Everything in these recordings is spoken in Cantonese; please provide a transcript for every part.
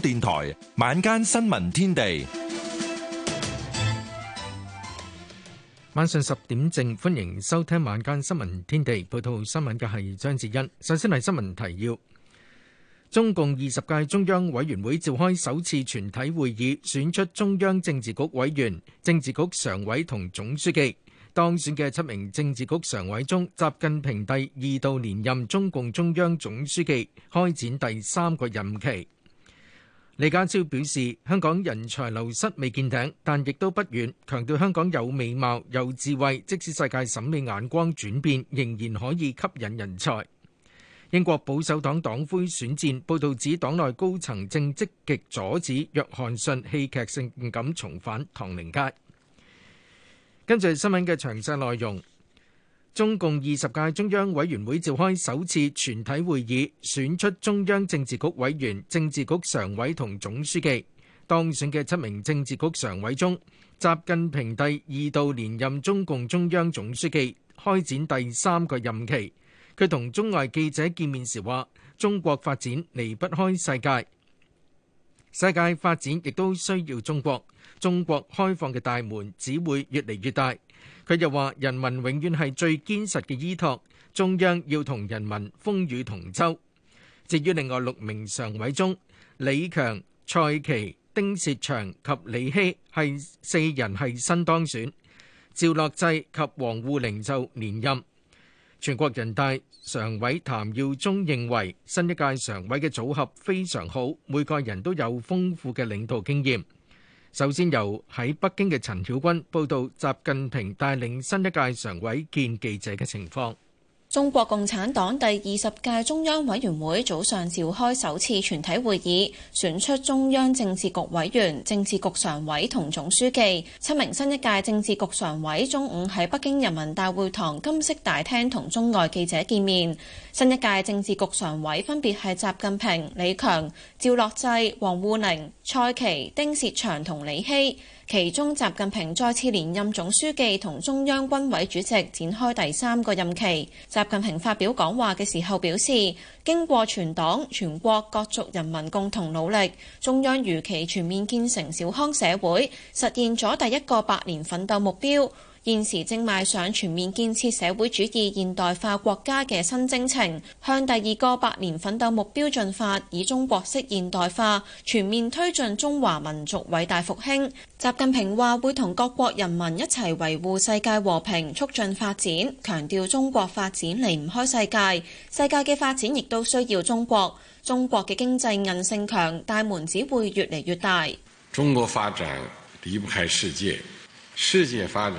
電台晚間新聞天地，晚上十點正，歡迎收聽晚間新聞天地。報道新聞嘅係張志欣。首先係新聞提要：中共二十屆中央委員會召開首次全體會議，選出中央政治局委員、政治局常委同總書記。當選嘅七名政治局常委中，習近平第二度連任中共中央總書記，開展第三個任期。李家超表示，香港人才流失未見頂，但亦都不遠，強調香港有美貌、有智慧，即使世界審美眼光轉變，仍然可以吸引人才。英國保守黨黨魁選戰報道指，黨內高層正積極阻止約翰遜戲劇性唔敢重返唐寧街。跟住新聞嘅詳細內容。中共二十屆中央委員會召開首次全體會議，選出中央政治局委員、政治局常委同總書記。當選嘅七名政治局常委中，習近平第二度連任中共中央總書記，開展第三個任期。佢同中外記者見面時話：中國發展離不開世界，世界發展亦都需要中國。中國開放嘅大門只會越嚟越大。佢又話：人民永遠係最堅實嘅依託，中央要同人民風雨同舟。至於另外六名常委中，李強、蔡奇、丁薛祥及李希係四人係新當選，趙樂際及王滬寧就連任。全國人大常委譚耀宗認為新一屆常委嘅組合非常好，每個人都有豐富嘅領導經驗。首先由喺北京嘅陳曉君報道習近平帶領新一屆常委見記者嘅情況。中國共產黨第二十屆中央委員會早上召開首次全體會議，選出中央政治局委員、政治局常委同總書記。七名新一屆政治局常委中午喺北京人民大會堂金色大廳同中外記者見面。新一屆政治局常委分別係習近平、李強、趙樂際、王滬寧、蔡奇、丁薛祥同李希。其中，習近平再次連任總書記同中央軍委主席，展開第三個任期。習近平發表講話嘅時候表示，經過全黨全國各族人民共同努力，中央如期全面建成小康社會，實現咗第一個百年奮鬥目標。現時正邁上全面建設社會主義現代化國家嘅新征程，向第二個百年奮鬥目標進發，以中國式現代化全面推進中華民族偉大復興。習近平話會同各國人民一齊維護世界和平、促進發展，強調中國發展離唔開世界，世界嘅發展亦都需要中國。中國嘅經濟韌性強，大門只會越嚟越大。中國發展離不開世界，世界發展，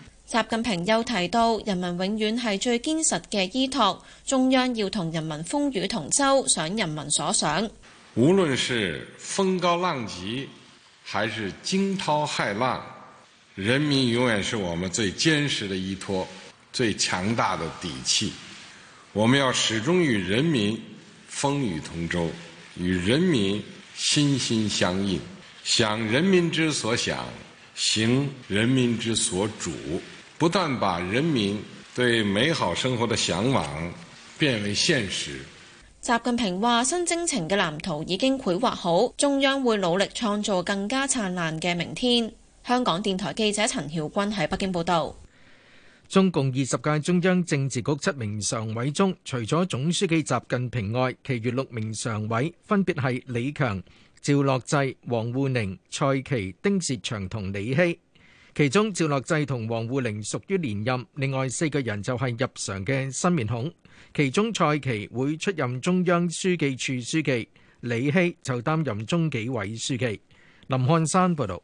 習近平又提到，人民永遠係最堅實嘅依託。中央要同人民風雨同舟，想人民所想。無論是風高浪急，還是驚濤駭浪，人民永遠係我們最堅實的依托，最強大的底氣。我們要始終與人民風雨同舟，與人民心心相印，想人民之所想，行人民之所主。不斷把人民對美好生活的向往變為現實。習近平話新征程嘅藍圖已經繪畫好，中央會努力創造更加燦爛嘅明天。香港電台記者陳曉君喺北京報道。中共二十屆中央政治局七名常委中，除咗總書記習近平外，其餘六名常委分別係李強、趙樂際、王滬寧、蔡奇、丁薛祥同李希。其中趙樂際同王滬寧屬於連任，另外四個人就係入常嘅新面孔。其中蔡奇會出任中央書記處書記，李希就擔任中紀委書記。林漢山報道。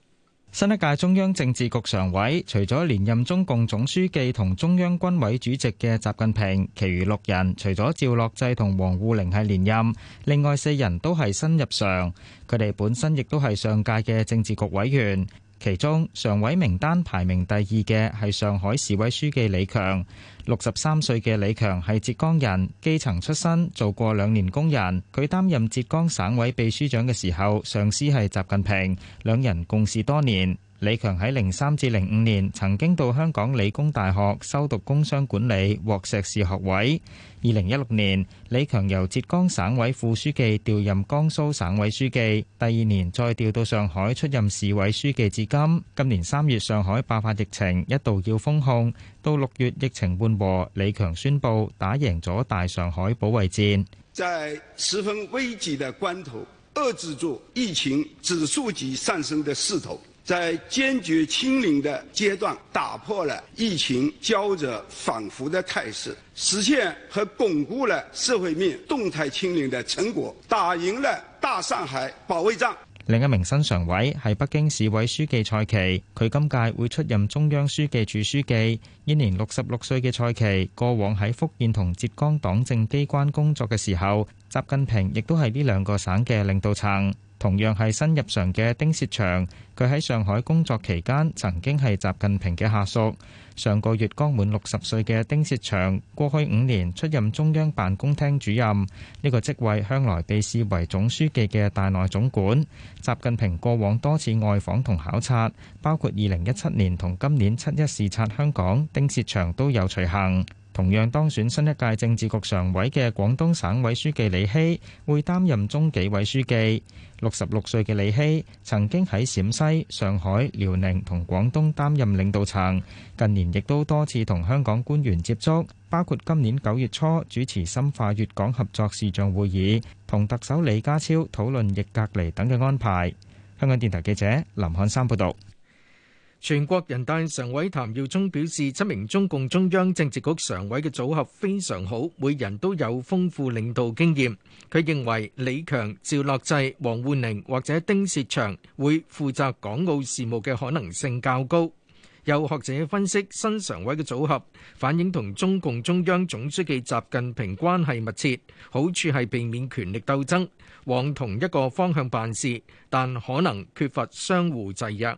新一屆中央政治局常委，除咗連任中共總書記同中央軍委主席嘅習近平，其餘六人，除咗趙樂際同王滬寧係連任，另外四人都係新入常。佢哋本身亦都係上屆嘅政治局委員。其中常委名單排名第二嘅係上海市委書記李強，六十三歲嘅李強係浙江人，基層出身，做過兩年工人。佢擔任浙江省委秘書長嘅時候，上司係習近平，兩人共事多年。李強喺零三至零五年曾經到香港理工大學修讀工商管理，獲碩士學位。二零一六年，李強由浙江省委副書記調任江蘇省委書記，第二年再調到上海出任市委書記至今。今年三月上海爆發疫情，一度要封控，到六月疫情緩和，李強宣布打贏咗大上海保衛戰。在十分危急的關頭，遏制住疫情指數級上升的勢頭。在堅決清零的階段，打破了疫情膠着反覆的態勢，實現和鞏固了社會面動態清零的成果，打贏了大上海保衛戰。另一名新常委係北京市委書記蔡奇，佢今屆會出任中央書記處書記。現年六十六歲嘅蔡奇，過往喺福建同浙江黨政機關工作嘅時候，習近平亦都係呢兩個省嘅領導層。同樣係新入常嘅丁薛祥，佢喺上海工作期間曾經係習近平嘅下屬。上個月剛滿六十歲嘅丁薛祥，過去五年出任中央辦公廳主任呢個職位，向來被視為總書記嘅大內總管。習近平過往多次外訪同考察，包括二零一七年同今年七一視察香港，丁薛祥都有隨行。同樣當選新一屆政治局常委嘅廣東省委書記李希會擔任中紀委書記。六十六歲嘅李希曾經喺陝西、上海、遼寧同廣東擔任領導層，近年亦都多次同香港官員接觸，包括今年九月初主持深化粵港合作視像會議，同特首李家超討論逆隔離等嘅安排。香港電台記者林漢山報導。全國人大常委譚耀宗表示，七名中共中央政治局常委的組合非常好，每人都有豐富領導經驗。佢認為李強，趙樂際、王滬寧，或者丁薛祥，會負責港澳事務的可能性較高。有學者分析，新常委的組合反映同中共中央總書記習近平關係密切，好處係避免權力鬥爭，往同一個方向辦事，但可能缺乏相互制約。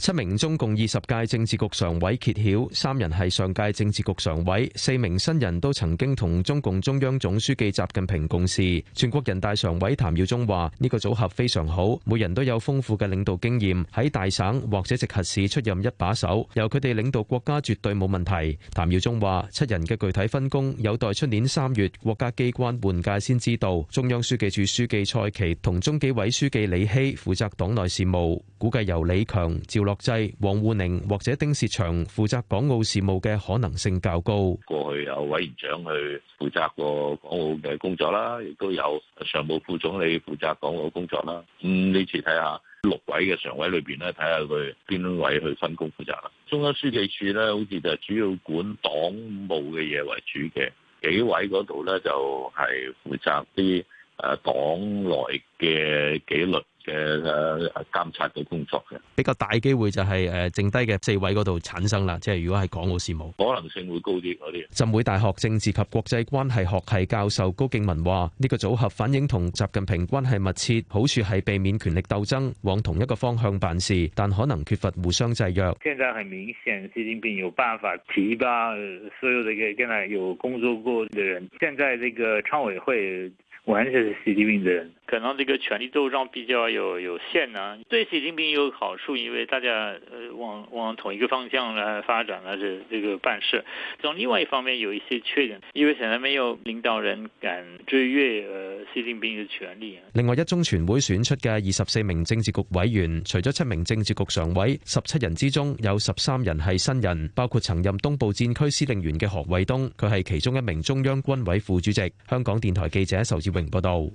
七名中共二十屆政治局常委揭曉，三人係上屆政治局常委，四名新人都曾經同中共中央總書記習近平共事。全國人大常委譚耀宗話呢個組合非常好，每人都有豐富嘅領導經驗，喺大省或者直轄市出任一把手，由佢哋領導國家絕對冇問題。譚耀宗話七人嘅具體分工有待出年三月國家機關換屆先知道。中央書記處書記蔡奇同中紀委書記李希負責黨內事務。估計由李強、趙樂際、王滬寧或者丁薛祥負責港澳事務嘅可能性較高。過去有委員長去負責過港澳嘅工作啦，亦都有常務副總理負責港澳工作啦。咁呢次睇下六位嘅常委裏邊咧，睇下佢邊位去分工負責啦。中央書記處咧，好似就係主要管黨務嘅嘢為主嘅，紀委嗰度咧就係負責啲。誒黨內嘅紀律嘅誒監察嘅工作嘅，比較大機會就係誒剩低嘅四位嗰度產生啦，即係如果係港澳事務，可能性會高啲嗰啲。浸會大學政治及國際關係學系教授高敬文話：呢個組合反映同習近平關係密切，好處係避免權力鬥爭，往同一個方向辦事，但可能缺乏互相制約。現在係明顯，習近平有辦法提拔所有嘅現在有工作過嘅人。現在呢個常委會。完全係 CTV 的人。可能這個權力鬥爭比較有有限啦，對習近平有好處，因為大家往往同一個方向嚟發展，或者這個辦事。從另外一方面有一些缺點，因為可能沒有領導人敢追越習近平嘅權力。另外一中全會選出嘅二十四名政治局委員，除咗七名政治局常委，十七人之中有十三人係新人，包括曾任東部戰區司令員嘅何衛東，佢係其中一名中央軍委副主席。香港電台記者仇志榮報道。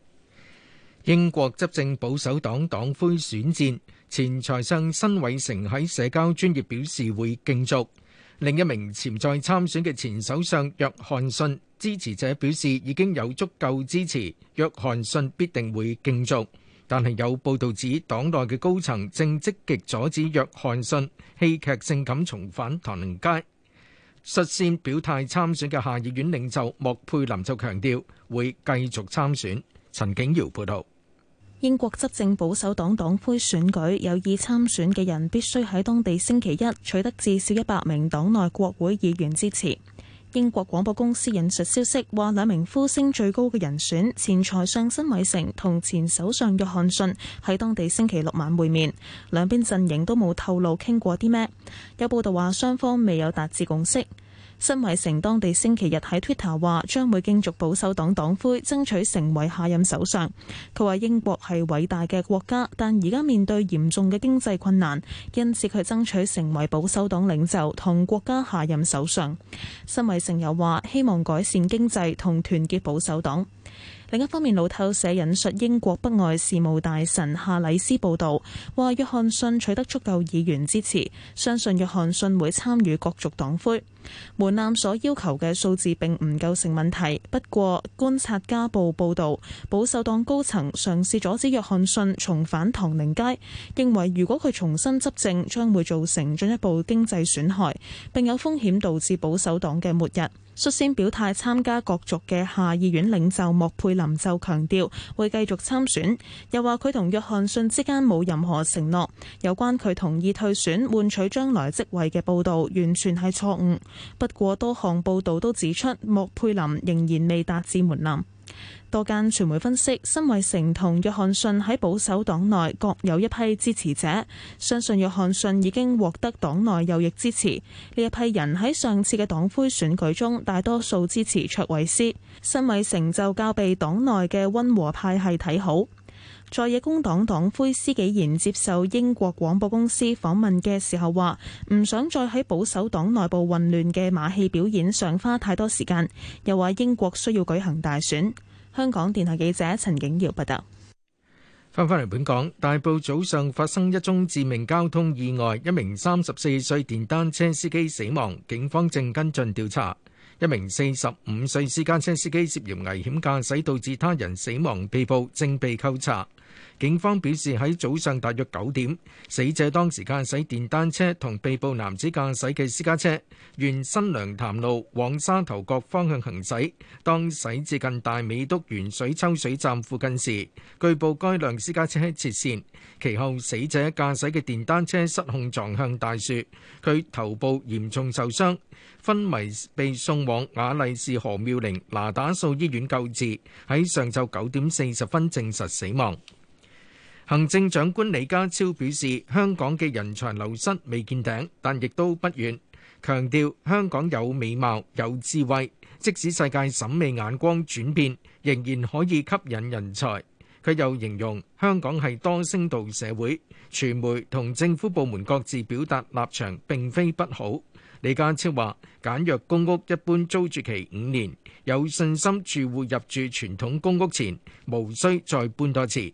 英國執政保守黨黨魁選戰，前財相辛偉誠喺社交專頁表示會競逐。另一名潛在參選嘅前首相約翰遜支持者表示已經有足夠支持，約翰遜必定會競逐。但係有報導指黨內嘅高層正積極阻止約翰遜戲劇性咁重返唐寧街。率先表態參選嘅下議院領袖莫佩林就強調會繼續參選。陳景瑤報導。英國執政保守黨黨魁選舉有意參選嘅人，必須喺當地星期一取得至少一百名黨內國會議員支持。英國廣播公司引述消息話，兩名呼聲最高嘅人選前財相辛偉誠同前首相約翰遜喺當地星期六晚會面，兩邊陣營都冇透露傾過啲咩。有報道話雙方未有達至共識。辛偉誠當地星期日喺 Twitter 話將會競逐保守黨黨魁，爭取成為下任首相。佢話英國係偉大嘅國家，但而家面對嚴重嘅經濟困難，因此佢爭取成為保守黨領袖同國家下任首相。辛偉誠又話希望改善經濟同團結保守黨。另一方面，路透社引述英國北外事務大臣夏禮斯報道，話約翰遜取得足夠議員支持，相信約翰遜會參與角逐黨魁門檻所要求嘅數字並唔構成問題。不過，觀察家報報道，保守黨高層嘗試阻止約翰遜重返唐寧街，認為如果佢重新執政，將會造成進一步經濟損害，並有風險導致保守黨嘅末日。率先表態參加角逐嘅下議院領袖莫佩林就強調會繼續參選，又話佢同約翰遜之間冇任何承諾。有關佢同意退選換取將來職位嘅報導，完全係錯誤。不過多項報導都指出莫佩林仍然未達至門檻。多間傳媒分析，辛偉誠同約翰遜喺保守黨內各有一批支持者，相信約翰遜已經獲得黨內右翼支持。呢一批人喺上次嘅黨魁選舉中，大多數支持卓慧思，辛偉誠就較被黨內嘅溫和派系睇好。在野工黨黨魁施紀賢接受英國廣播公司訪問嘅時候話：唔想再喺保守黨內部混亂嘅馬戲表演上花太多時間。又話英國需要舉行大選。香港電台記者陳景堯報道。翻返嚟本港，大埔早上發生一宗致命交通意外，一名三十四歲電單車司機死亡，警方正跟進調查。一名四十五歲私家車司機涉嫌危險駕駛，導致他人死亡，被捕正被扣查。警方表示，喺早上大約九點，死者當時駕駛電單車同被捕男子駕駛嘅私家車沿新娘潭路往沙頭角方向行駛。當駛至近大美督原水抽水站附近時，據報該輛私家車喺切線，其後死者駕駛嘅電單車失控撞向大樹，佢頭部嚴重受傷，昏迷，被送往雅麗氏何妙齡那打素醫院救治，喺上晝九點四十分證實死亡。行政長官李家超表示，香港嘅人才流失未見頂，但亦都不遠。強調香港有美貌、有智慧，即使世界審美眼光轉變，仍然可以吸引人才。佢又形容香港係多聲道社會，傳媒同政府部門各自表達立場，並非不好。李家超話：簡約公屋一般租住期五年，有信心住戶入住傳統公屋前無需再搬多次。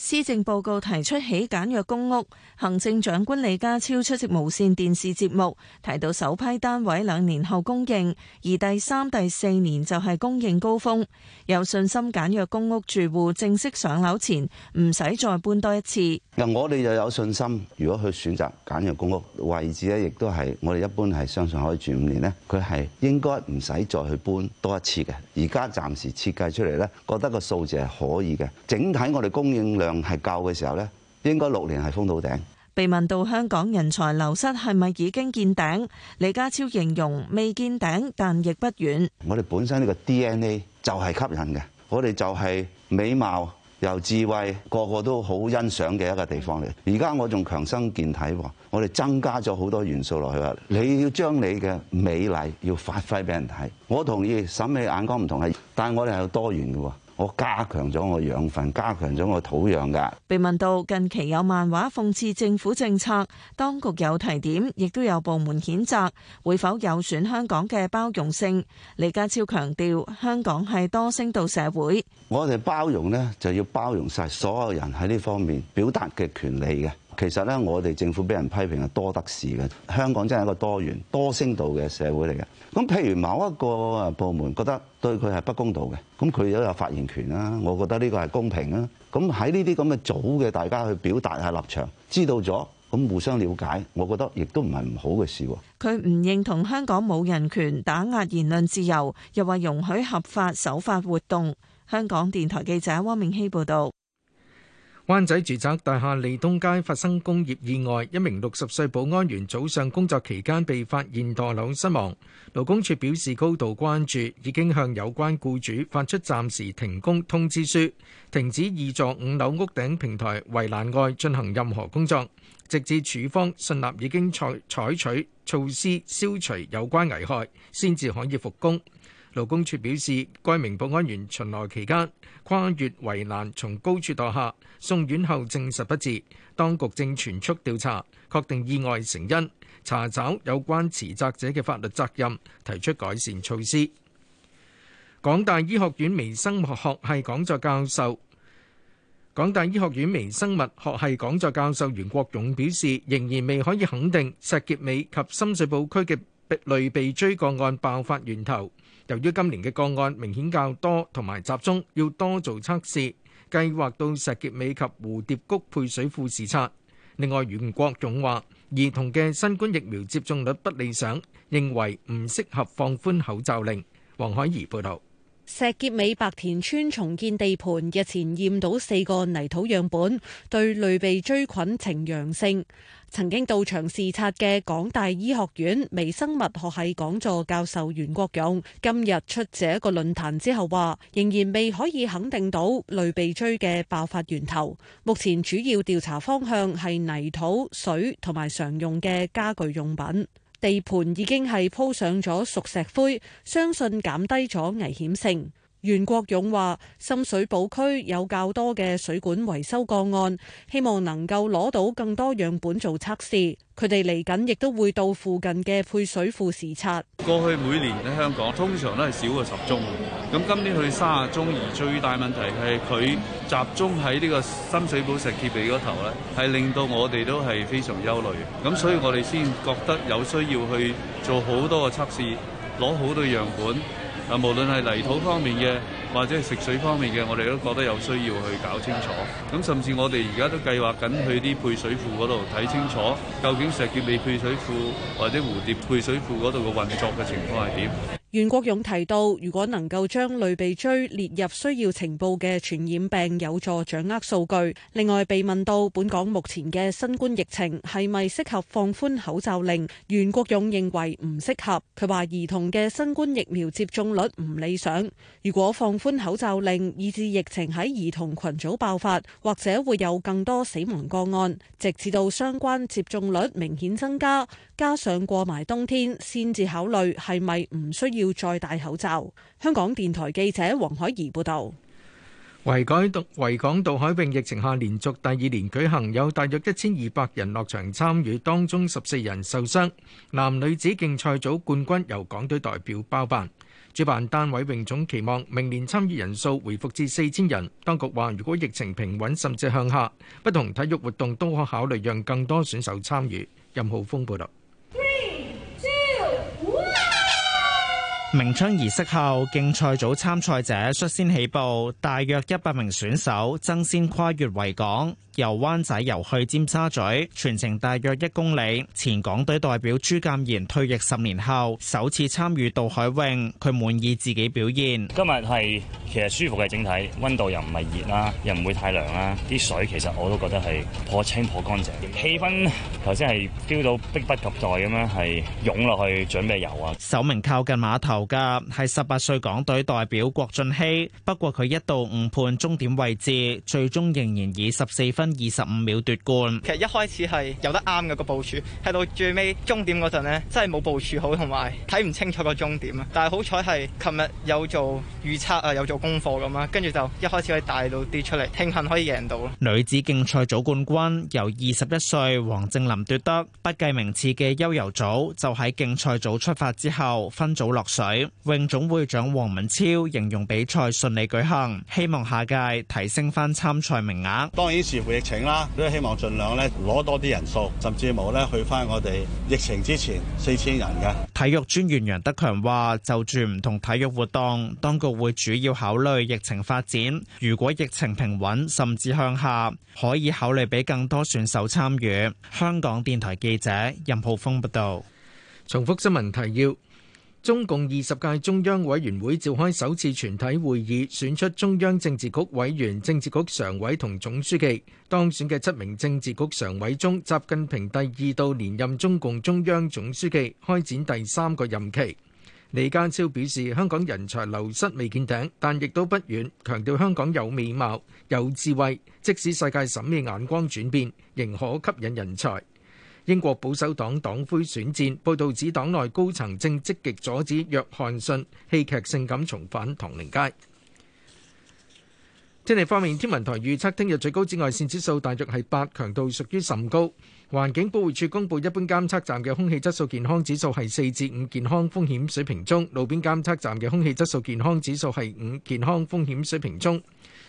施政報告提出起簡約公屋，行政長官李家超出席無綫電視節目，提到首批單位兩年後供應，而第三、第四年就係供應高峰，有信心簡約公屋住戶正式上樓前唔使再搬多一次。嗱，我哋又有信心，如果去選擇簡約公屋位置咧，亦都係我哋一般係相信可以住五年咧，佢係應該唔使再去搬多一次嘅。而家暫時設計出嚟咧，覺得個數字係可以嘅，整體我哋供應量。係夠嘅時候呢，應該六年係封到頂。被問到香港人才流失係咪已經見頂，李家超形容未見頂，但亦不遠。我哋本身呢個 DNA 就係吸引嘅，我哋就係美貌又智慧，個個都好欣賞嘅一個地方嚟。而家我仲強身健體喎，我哋增加咗好多元素落去。你要將你嘅美麗要發揮俾人睇。我同意審美眼光唔同係，但係我哋係有多元嘅喎。我加強咗我養分，加強咗我土壤噶。被問到近期有漫畫諷刺政府政策，當局有提點，亦都有部門譴責，會否有損香港嘅包容性？李家超強調，香港係多聲道社會，我哋包容呢，就要包容晒所有人喺呢方面表達嘅權利嘅。其實咧，我哋政府俾人批評係多得事嘅。香港真係一個多元、多聲道嘅社會嚟嘅。咁譬如某一個部門覺得對佢係不公道嘅，咁佢都有發言權啦。我覺得呢個係公平啊。咁喺呢啲咁嘅組嘅，大家去表達下立場，知道咗咁互相了解，我覺得亦都唔係唔好嘅事。佢唔認同香港冇人權、打壓言論自由，又話容許合法守法活動。香港電台記者汪明希報導。灣仔住宅大廈利東街發生工業意外，一名六十歲保安員早上工作期間被發現墮樓身亡。勞工處表示高度關注，已經向有關僱主發出暫時停工通知書，停止二座五樓屋頂平台圍欄外進行任何工作，直至處方信納已經採採取措施消除有關危害，先至可以復工。勞工處表示，該名保安員巡邏期間跨越圍欄，從高處墮下，送院後證實不治。當局正全速調查，確定意外成因，查找有關持責者嘅法律責任，提出改善措施。港大醫學院微生物學系講座教授、港大醫學院微生物學系講座教授袁國勇表示，仍然未可以肯定石硖尾及深水埗區嘅類鼻疽個案爆發源頭。由於今年嘅個案明顯較多同埋集中，要多做測試，計劃到石硤尾及蝴蝶谷配水庫視察。另外，袁國勇話兒童嘅新冠疫苗接種率不理想，認為唔適合放寬口罩令。黃海怡報道。石硤尾白田村重建地盤日前驗到四個泥土樣本對類鼻疽菌呈陽性。曾經到場視察嘅港大醫學院微生物學系講座教授袁國勇今日出席一個論壇之後話，仍然未可以肯定到類鼻疽嘅爆發源頭。目前主要調查方向係泥土、水同埋常用嘅家具用品。地盤已經係鋪上咗熟石灰，相信減低咗危險性。袁國勇話：深水埗區有較多嘅水管維修個案，希望能夠攞到更多樣本做測試。佢哋嚟緊亦都會到附近嘅配水庫視察。過去每年喺香港通常都係少過十宗，咁今年去三十宗，而最大問題係佢集中喺呢個深水埗石硖尾嗰頭咧，係令到我哋都係非常憂慮。咁所以我哋先覺得有需要去做好多個測試，攞好多樣本。啊，無論係泥土方面嘅，或者係食水方面嘅，我哋都覺得有需要去搞清楚。咁甚至我哋而家都計劃緊去啲配水庫嗰度睇清楚，究竟石結尾配水庫或者蝴蝶配水庫嗰度嘅運作嘅情況係點？袁國勇提到，如果能夠將類鼻疽列入需要呈報嘅傳染病，有助掌握數據。另外被問到本港目前嘅新冠疫情係咪適合放寬口罩令，袁國勇認為唔適合。佢話兒童嘅新冠疫苗接種率唔理想，如果放寬口罩令，以致疫情喺兒童群組爆發，或者會有更多死亡個案，直至到相關接種率明顯增加，加上過埋冬天，先至考慮係咪唔需要。要再戴口罩。香港電台記者黃海怡報道。維港渡維港渡海泳疫情下連續第二年舉行，有大約一千二百人落場參與，當中十四人受傷。男女子競賽組冠軍由港隊代表包辦。主辦單位泳總期望明年參與人數回復至四千人。當局話，如果疫情平穩甚至向下，不同體育活動都可考慮讓更多選手參與。任浩峰報道。鳴槍儀式後，競賽組參賽者率先起步，大約一百名選手爭先跨越維港，由灣仔游去尖沙咀，全程大約一公里。前港隊代表朱鑒賢退役十年後，首次參與渡海泳，佢滿意自己表現。今日係其實舒服嘅整體，溫度又唔係熱啦，又唔會太涼啦，啲水其實我都覺得係頗清頗乾淨，氣氛頭先係 feel 到迫不及待咁樣，係湧落去準備游啊。首名靠近碼頭嘅係十八歲港隊代表郭俊熙，不過佢一度誤判終點位置，最終仍然以十四分二十五秒奪冠。其實一開始係有得啱嘅個部署，喺到最尾終點嗰陣咧，真係冇部署好同埋睇唔清楚個終點啊！但係好彩係琴日有做預測啊，有做功課咁樣跟住就一開始可以大路跌出嚟，慶幸可以贏到。女子競賽組冠軍由二十一歲黃正林奪得。不計名次嘅悠游組就喺競賽組出發之後分組落水。泳總會長黃文超形容比賽順利舉行，希望下屆提升翻參賽名額。當然，視乎疫情啦，都希望盡量咧攞多啲人數，甚至冇咧去翻我哋疫情之前四千人嘅。體育專員楊德強話，就住唔同體育活動，當局會主要考慮疫情發展。如果疫情平穩甚至向下，可以考慮俾更多選手參與。香港電台記者任浩峰報道。重複新聞提要。.中共二十屆中央委員會召開首次全體會議，選出中央政治局委員、政治局常委同總書記。當選嘅七名政治局常委中，習近平第二度連任中共中央總書記，開展第三個任期。李家超表示，香港人才流失未見頂，但亦都不遠，強調香港有美貌、有智慧，即使世界審美眼光轉變，仍可吸引人才。英國保守黨黨魁選戰報道指黨內高層正積極阻止約翰遜戲劇性感重返唐寧街。天氣方面，天文台預測聽日最高紫外線指數大約係八，強度屬於甚高。環境保護署公布一般監測站嘅空氣質素健康指數係四至五，健康風險水平中；路邊監測站嘅空氣質素健康指數係五，健康風險水平中。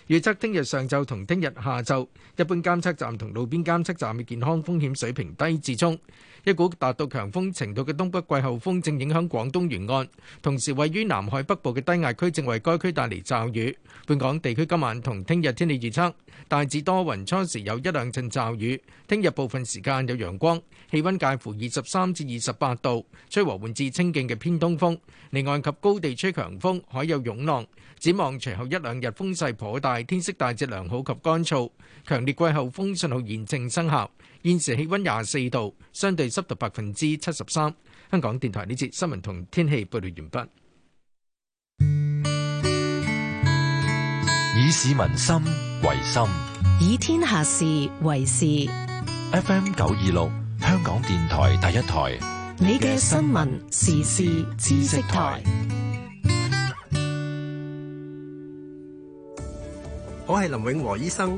預測聽日上晝同聽日下晝，一般監測站同路邊監測站嘅健康風險水平低至中。一股達到強風程度嘅東北季候風正影響廣東沿岸，同時位於南海北部嘅低壓區正為該區帶嚟驟雨。本港地區今晚同聽日天氣預測大致多雲，初時有一兩陣驟雨。聽日部分時間有陽光，氣温介乎二十三至二十八度，吹和緩至清勁嘅偏東風。離岸及高地吹強風，海有湧浪。展望隨後一兩日風勢頗大，天色大致良好及乾燥，強烈季候風信號現正生效。現時氣溫廿四度，相對濕度百分之七十三。香港電台呢節新聞同天氣報道完畢。以市民心為心，以天下事為事。FM 九二六，香港電台第一台。你嘅新聞時事知識台。我係林永和醫生。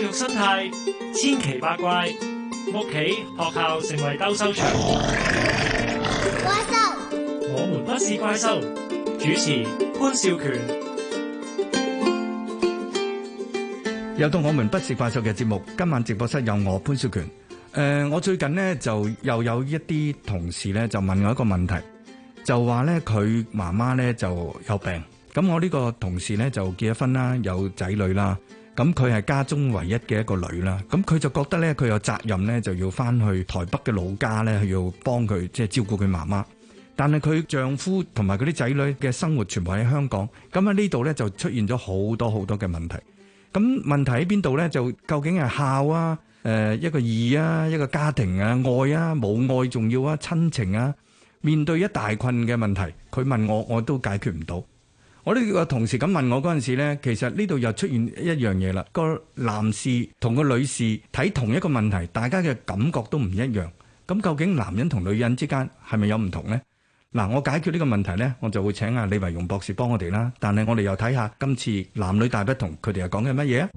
教育生態千奇百怪，屋企、學校成為兜收場。怪獸塑，我們不是怪獸。主持潘少權，又到我們不是怪獸嘅節目。今晚直播室有我潘少權。誒、呃，我最近咧就又有一啲同事咧就問我一個問題，就話咧佢媽媽咧就有病。咁我呢個同事咧就結咗婚啦，有仔女啦。咁佢係家中唯一嘅一個女啦，咁佢就覺得咧，佢有責任咧，就要翻去台北嘅老家咧，要幫佢即係照顧佢媽媽。但係佢丈夫同埋佢啲仔女嘅生活全部喺香港，咁喺呢度咧就出現咗好多好多嘅問題。咁問題喺邊度咧？就究竟係孝啊，誒、呃，一個義啊，一個家庭啊，愛啊，冇愛重要啊，親情啊，面對一大困嘅問題，佢問我，我都解決唔到。我呢個同事咁問我嗰陣時咧，其實呢度又出現一樣嘢啦。個男士同個女士睇同一個問題，大家嘅感覺都唔一樣。咁究竟男人同女人之間係咪有唔同咧？嗱，我解決呢個問題咧，我就會請阿李維榕博士幫我哋啦。但係我哋又睇下今次男女大不同，佢哋又講緊乜嘢啊？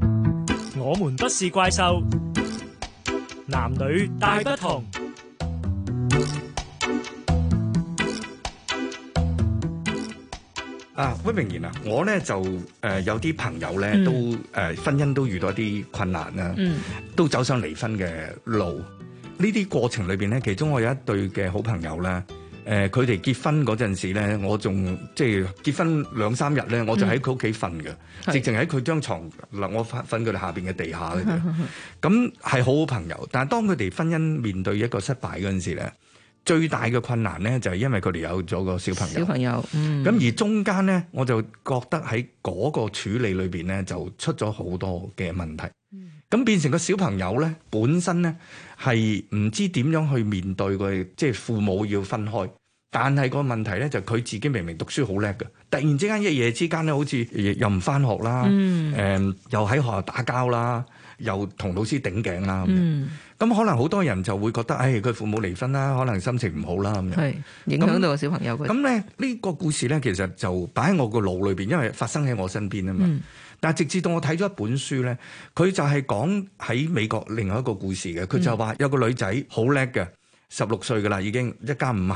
我們不是怪獸，男女大不同。啊，威明言啊，我咧就誒、呃、有啲朋友咧都誒、呃、婚姻都遇到一啲困難啦，mm. 都走上離婚嘅路。呢啲過程裏邊咧，其中我有一對嘅好朋友咧，誒佢哋結婚嗰陣時咧，我仲即係結婚兩三日咧，我就喺佢屋企瞓嘅，mm. 直情喺佢張床嗱，我瞓佢哋下邊嘅地下咧。咁係好好朋友，但係當佢哋婚姻面對一個失敗嗰陣時咧，最大嘅困難咧，就係、是、因為佢哋有咗個小朋友。小朋友，咁、嗯、而中間咧，我就覺得喺嗰個處理裏邊咧，就出咗好多嘅問題。咁、嗯、變成個小朋友咧，本身咧係唔知點樣去面對佢，即係父母要分開。但係個問題咧，就佢、是、自己明明讀書好叻嘅，突然之間一夜之間咧，好似又唔翻學啦，誒、嗯呃、又喺學校打交啦，又同老師頂頸啦咁。嗯嗯咁可能好多人就會覺得，誒、哎、佢父母離婚啦，可能心情唔好啦咁樣，影響到個小朋友。咁咧那呢、這個故事咧，其實就擺喺我個腦裏邊，因為發生喺我身邊啊嘛。嗯、但係直至到我睇咗一本書咧，佢就係講喺美國另外一個故事嘅，佢就話有個女仔好叻嘅，十六歲噶啦已經一家五。